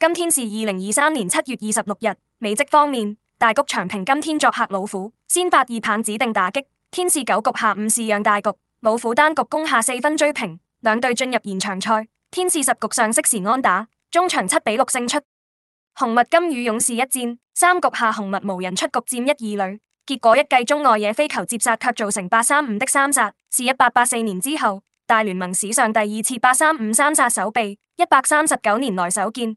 今天是二零二三年七月二十六日。美職方面，大谷翔平今天作客老虎，先發二棒指定打擊。天使九局下五是讓大局，老虎單局攻下四分追平，兩隊進入延長賽。天使十局上適時安打，中場七比六勝出。紅襪今與勇士一戰，三局下紅襪無人出局，占一二壘，結果一記中外野飛球接殺，卻造成八三五的三殺，是一八八四年之後大聯盟史上第二次八三五三殺守備，一百三十九年來首見。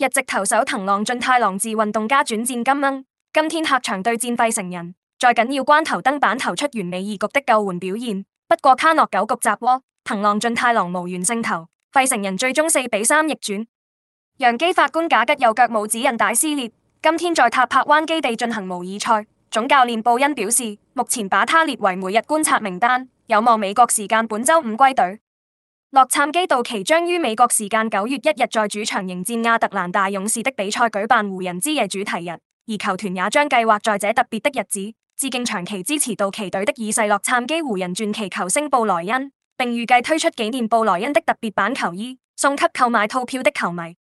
日籍投手藤浪晉太郎自運動家轉戰金鶯，今天客場對戰費城人，在緊要關頭登板投出完美二局的救援表現。不過卡諾九局砸鍋，藤浪晉太郎無緣勝投，費城人最終四比三逆轉。洋基法官賈吉右腳拇指韌帶撕裂，今天在塔帕灣基地進行模擬賽，總教練布恩表示，目前把他列為每日觀察名單，有望美國時間本周五歸隊。洛杉磯道奇將於美國時間九月一日在主場迎戰亞特蘭大勇士的比賽舉辦湖人之夜主題日，而球團也將計劃在這特別的日子，致敬長期支持道奇隊的已逝洛杉磯湖人傳奇球星布萊恩，並預計推出紀念布萊恩的特別版球衣，送給購買套票的球迷。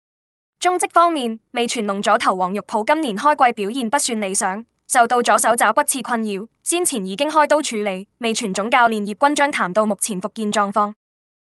中職方面，味全龍左投王玉普今年開季表現不算理想，受到左手肘骨刺困擾，先前已經開刀處理，味全總教練葉君將談到目前復健狀況。